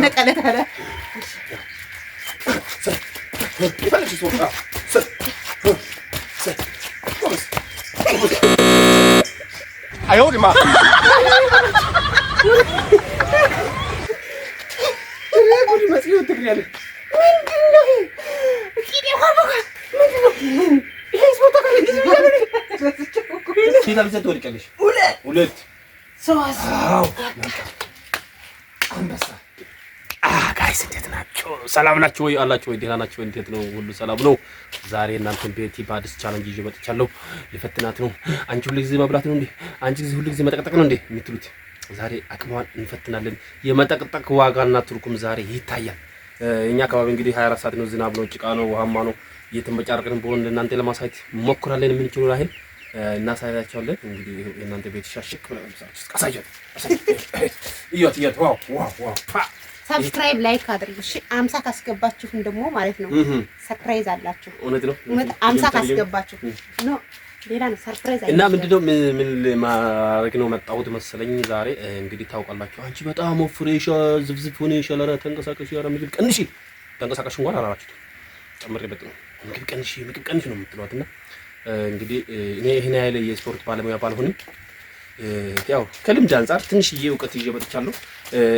ሁለት ጋይስ እንዴት ናቸው? ሰላም ናቸው ወይ? አላቸው ወይ? ደህና ናቸው? እንዴት ነው? ሁሉ ሰላም ነው? ዛሬ እናንተን ቤቲ በአዲስ ቻለንጅ ይዤ መጥቻለሁ። ልፈትናት ነው። አንቺ ሁሉ ጊዜ መብላት ነው እንዴ? አንቺ ጊዜ ሁሉ ጊዜ መጠቅጠቅ ነው እንዴ የምትሉት፣ ዛሬ አቅሟን እንፈትናለን። የመጠቅጠቅ ዋጋና ትርጉም ዛሬ ይታያል። እኛ አካባቢ እንግዲህ 24 ሰዓት ነው፣ ዝናብ ነው፣ ጭቃ ነው፣ ውሃማ ነው። እየተመጫረቅን በሆን እናንተ ለማሳየት ሞክራለን። የምንችሉ ያህል እናሳያቸዋለን። እንግዲህ እናንተ ቤት ሻሽክ ብላ ሳሳያ እያት እያት ዋው ዋው ዋው ሰብስክራይብ ላይክ አድርጉ። እሺ አምሳ ካስገባችሁም ደግሞ ማለት ነው ሰርፕራይዝ አላችሁ። እውነት ነው አምሳ ካስገባችሁ ኖ ሌላ ነው ሰርፕራይዝ እና ምንድነው ምን ማድረግ ነው መጣሁት መሰለኝ ዛሬ። እንግዲህ ታውቃላችሁ፣ አንቺ በጣም ወፍሬሽ ዝብዝብ ሆነሽ ያለ ተንቀሳቀሽ ያለ ምግብ ቀንሺ፣ ተንቀሳቀሽ እንኳን አላላችሁት ጨምሬበት ነው ምግብ ቀንሺ፣ ምግብ ቀንሺ ነው የምትሏትና እንግዲህ እኔ ይሄን ያህል የስፖርት ባለሙያ ባልሆንም ያው ከልምድ አንጻር ትንሽዬ እውቀት ይዤ መጥቻለሁ።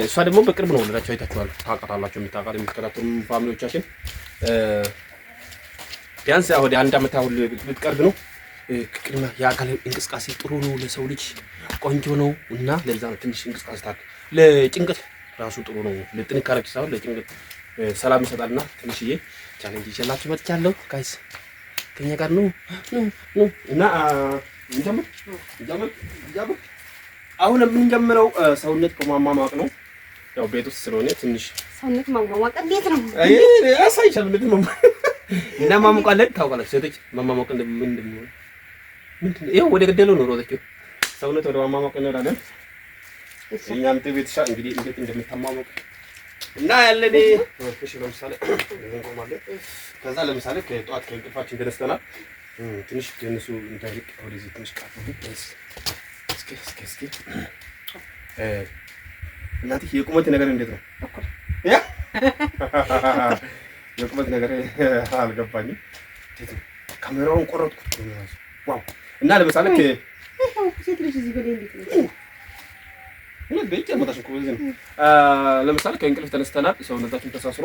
እሷ ደግሞ በቅርብ ነው ወለዳቸው፣ አይታችኋል፣ ታውቃታላችሁ። የምታውቃት የሚከታተሉ ፋሚሊዎቻችን ቢያንስ ወደ አንድ አመት አሁን ልትቀርብ ነው። ቅድመ የአካል እንቅስቃሴ ጥሩ ነው ለሰው ልጅ ቆንጆ ነው እና ለዛ ነው ትንሽ እንቅስቃሴ ታ ለጭንቀት ራሱ ጥሩ ነው። ለጥንካሬ ሳይሆን ለጭንቀት ሰላም ይሰጣል። እና ትንሽዬ ቻሌንጅ ይዤላችሁ መጥቻለሁ። ጋይስ ከኛ ጋር ነው እና አሁን የምንጀምረው ሰውነት ከማሟሟቅ ነው። ያው ቤት ውስጥ ስለሆነ ትንሽ ሰውነት ማሟሟቅ እንዴት ነው? አይ አሳይሻል። ምንድን ነው እናማሙቃለን። ታውቃለች ሴቶች ማሟሟቅ ምንድን ነው? ይሄ ወደ ገደለው ነው ሮጠችው። ሰውነት ወደ ማሟሟቅ እንሄዳለን። እኛም ትቤት ሻ እንግዲህ እንዴት እንደምታሟሟቅ እና ያለን ለምሳሌ ከዛ ለምሳሌ ከጠዋት ከእንቅልፋችን ተነስተናል ትንሽ ከነሱ እንዳይርቅ ወደዚህ ትንሽ ቃፍ እስኪ እስኪ እስኪ እናትህ የቁመት ነገር እንዴት ነው? የቁመት ነገር አልገባኝም። ካሜራውን ቆረጥኩት ዋው! እና ለምሳሌ ለምሳሌ ከእንቅልፍ ተነስተናል። ሰውነታችን ተሳስሮ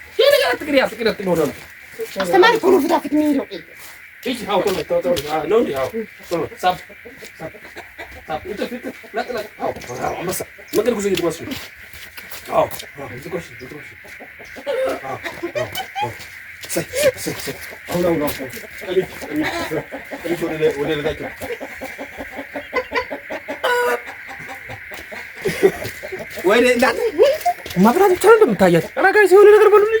ወደ እናት ማብራት ብቻ ነው እንደምታያት። ኧረ ጋይስ ነገር በሉልኝ።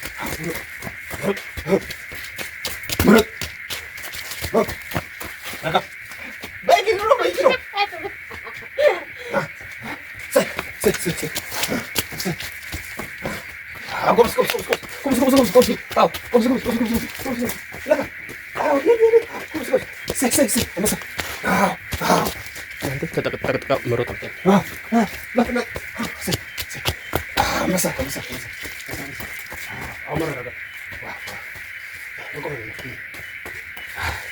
Ah, gomes, gomes, gomes, gomes, gomes, gomes, gomes, tal, gomes, gomes, gomes, gomes, gomes, laka, tal, dia, dia, dia, gomes, gomes, sek, sek, sek, masa, tal, tal, nanti kita dapat tarik kau menurut aku, ah, ah, laka, laka, sek, sek, ah, masa, masa, masa, masa, masa, ah, omar, laka, wah, wah, kau kau ini,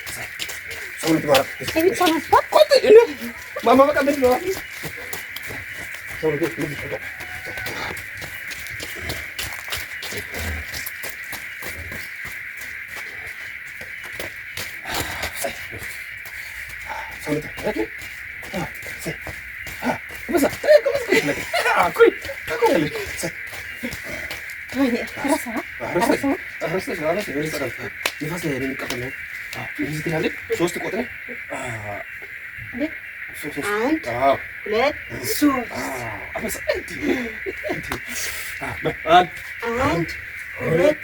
sek, sama itu barat, ini sama, kau ini, mama makan ini lagi, sama itu, lebih, lebih, Okay. Okay. Ah, sí. Ah, ¿cómo está? Eh, ¿cómo está? Ah, cool. Ah, cool. Sí. ወይኔ ረሳ ረሳ ረሳ ረሳ ረሳ ንፋስ ላይ ነው የሚቀበለው። እዚህ ትላለች ሶስት ቁጥር አንድ ሁለት ሶስት አንድ ሁለት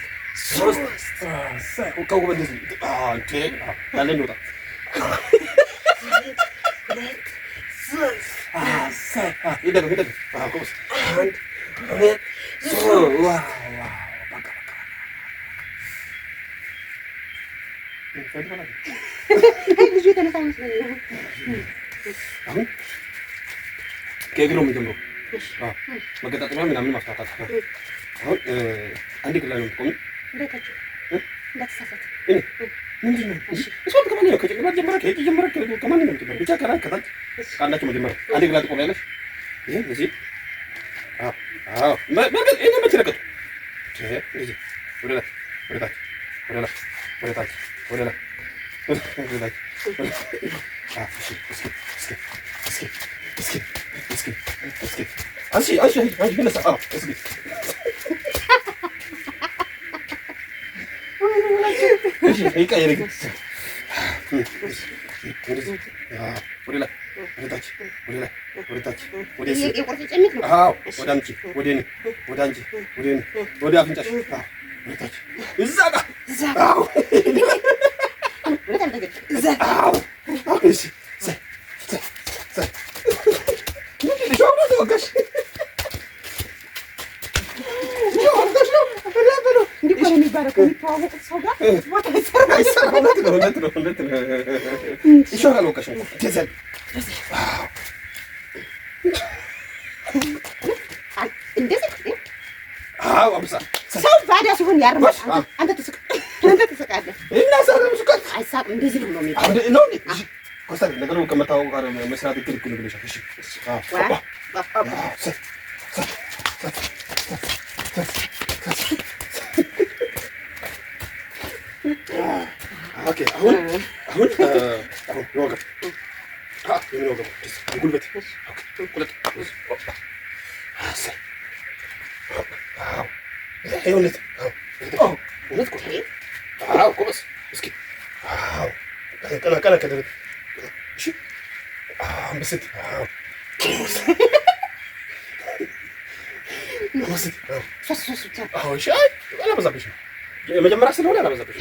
ሶስት ከውበደስ ያለ እንወጣ ኬክ ነው የሚጀምረው። መገጣጠሚያ ምናምን ማስታወቃት አሁን አንድ ግላ ነው የምትቆሚው ምንድን ነው? ነው? ከጭንቅላት ጀመረ፣ ከእጅ ጀመረ፣ ከማን ነው? ብቻ ከላይ ከታች ካላችሁ መጀመሪያ አንድ ግላ ጥቆም ያለሽ ይሄ እዚህ ወደ ጋር ከሚተዋወቁት ሰው ጋር ቦታ ሰው ባዳ ሲሆን ያርማል። አንተ ትስቃለህ። አይሳቅም። እንደዚህ ነው ከመተዋወቁ ጋር መስራት ይክል አሁን የመጀመሪያ ስለሆነ አላበዛብሽም።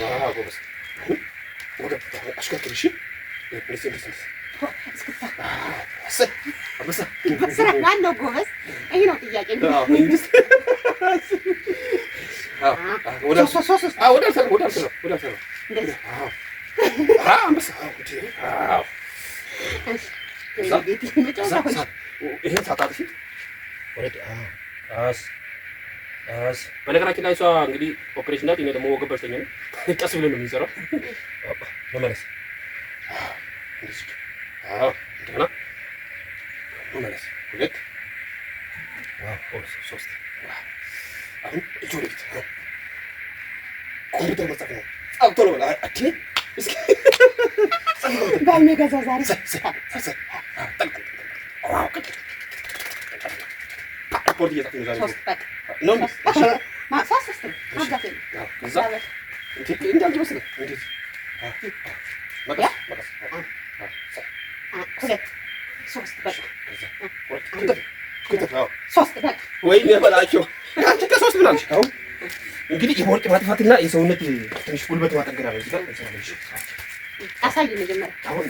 ስራ ማነው ጎበዝ? ይሄ ነው ጥያቄ። በነገራችን ላይ እሷ እንግዲህ ኦፕሬሽን ናት። እኔ ደግሞ ወገብ በሽተኛ ነው። ቀስ ብሎ ነው የሚሰራው። መመለስ እንደገና መመለስ ሁለት ሶስት። አሁን እጅ ወደፊት ኮምፒውተር መጻፍ ነው። ጸብቶ ነው በላ አቲ እስኪ ባይኔ ገዛ ዛሬ ሪፖርት እየጻፍ ነው ዛሬ ነው። እንግዲህ የወርቅ ማጥፋትና የሰውነት ትንሽ ጉልበት ማጠገና ነው። አሳይ መጀመሪያ አሁን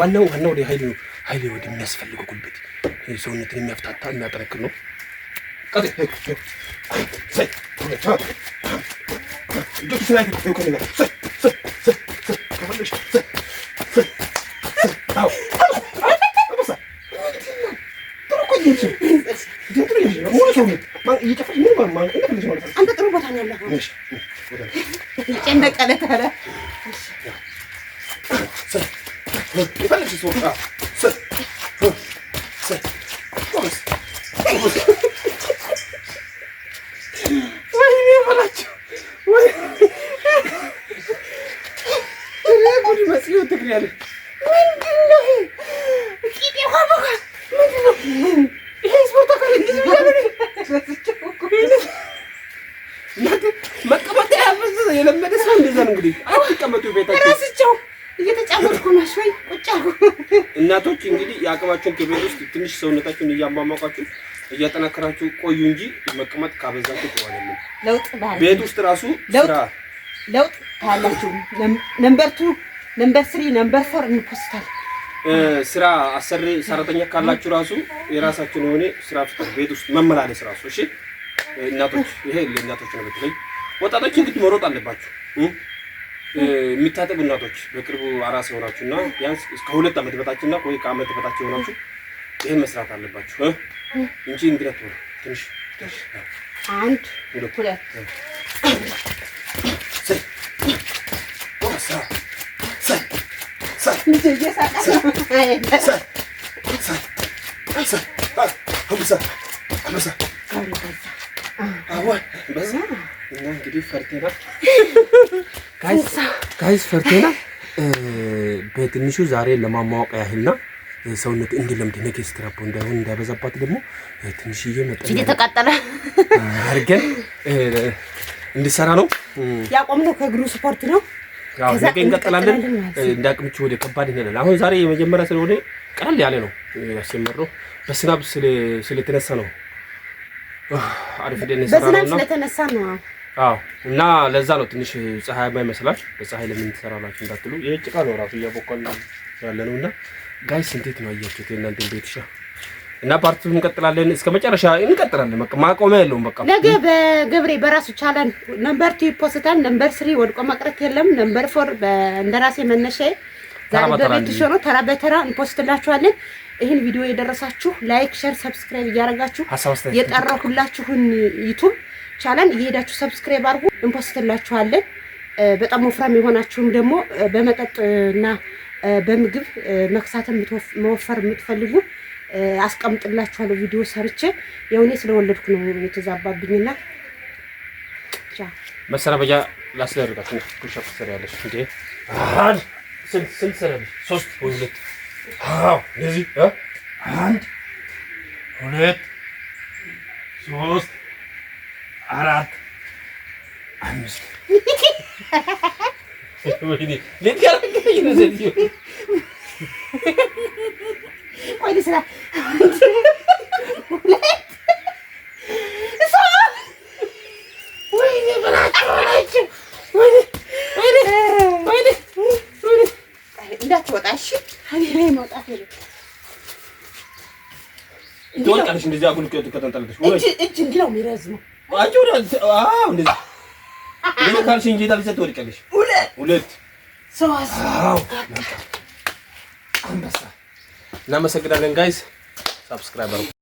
ዋናው ዋናው ኃይል ነው። ኃይል ወደ የሚያስፈልገው ጉልበት ሰውነትን የሚያፍታታ የሚያጠነክር ነው። አንተ ጥሩ ቦታ ነው ያለኸው። መቀመጥ የለመደ ሰው እንደዚያ ነው እንግዲህ። አትቀመጡ ቤታቸው እናቶች እንግዲህ የአቅማቸውን ከቤት ውስጥ ትንሽ ሰውነታቸውን እያሟሟቋችሁ እያጠናከራችሁ ቆዩ እንጂ መቀመጥ ካበዛችሁ ጥሩ ቤት ውስጥ ራሱ ለውጥ ታያላችሁ። ነምበር ቱ፣ ነምበር ስሪ፣ ነምበር ፎር እንፖስታል። ስራ አሰሪ ሰራተኛ ካላችሁ ራሱ የራሳችሁን የሆነ ስራ ፍጠር፣ ቤት ውስጥ መመላለስ ራሱ። እሺ እናቶች፣ ይሄ ለእናቶች ነው። በተለይ ወጣቶች እንግዲህ መሮጥ አለባችሁ። የሚታጠቡ እናቶች በቅርቡ አራስ የሆናችሁ እና ቢያንስ እስከ ሁለት ዓመት በታችን እና ወይ ከዓመት በታች የሆናችሁ ይህን መስራት አለባችሁ እንጂ እንግዲህ ትንሽ አንድ ሁለት እንግዲህ ፈርቴናል ጋይስ ፈርቴና eh, በትንሹ ዛሬ ለማማወቅ ያህልና ሰውነት እንዲለምድ ነገ ስትራፖ እንዳይሆን እንዳይበዛባት ደግሞ ትንሽዬ መጠን የተቃጠለ አድርገን eh, እንድሰራ ነው ያቆምነው። ከእግሩ ስፖርት ነው። ነገ እንቀጥላለን። እንዳቅምች eh, ወደ ከባድ እንሄዳለን። አሁን ዛሬ የመጀመሪያ ስለሆነ ቀለል ያለ ነው ያስጀመርነው። በስናብ ስለተነሳ ነው አሪፍ ነው። ደን ስለተነሳ ነው አዎ እና ለዛ ነው ትንሽ ፀሐይ ይመስላል። በፀሐይ ለምን ትሰራላችሁ እንዳትሉ ይሄ ጭቃ ነው ራሱ እያቦኳል ያለ ነው። እና ጋይስ እንዴት ነው አያችሁት የእናንተን ቤት እና ፓርቱ እንቀጥላለን፣ እስከ መጨረሻ እንቀጥላለን። በቃ ማቆሚያ የለውም። በቃ ነገ በገብሬ በራሱ ቻለን ነምበር ቱ ይፖስታል። ነምበር ስሪ ወድቆ መቅረት የለም። ነምበር ፎር እንደራሴ መነሻዬ ዛሬ በቤት ሾ ተራ በተራ እንፖስትላችኋለን። ይህን ቪዲዮ የደረሳችሁ ላይክ፣ ሸር፣ ሰብስክራይብ እያደረጋችሁ የጠራሁላችሁን ዩቱብ ቻለን እየሄዳችሁ ሰብስክራይብ አድርጉ፣ እንፖስትላችኋለን። በጣም ወፍራም የሆናችሁም ደግሞ በመጠጥና በምግብ መክሳትን መወፈር የምትፈልጉ አስቀምጥላችኋለሁ ቪዲዮ ሰርቼ። የውኔ ስለወለድኩ ነው የተዛባብኝና መሰናበጃ ላስደርጋት ሸፍስር ያለች እንዴ ስንት ሰለለች? ሶስት ወይ ሁለት እንደዚህ አንድ ሁለት ሶስት አራት አምስት እንዳትወጣ እሺ። እኔ መውጣት የለም ወድቃለሽ። እንደዚህ አጉል ትቀጠልጣለሽ። እጅ እንዲህ ነው የሚረዝመው። አዎ እንደዚህ ካልሽ እንጂ ሁለት እናመሰግናለን ጋይስ፣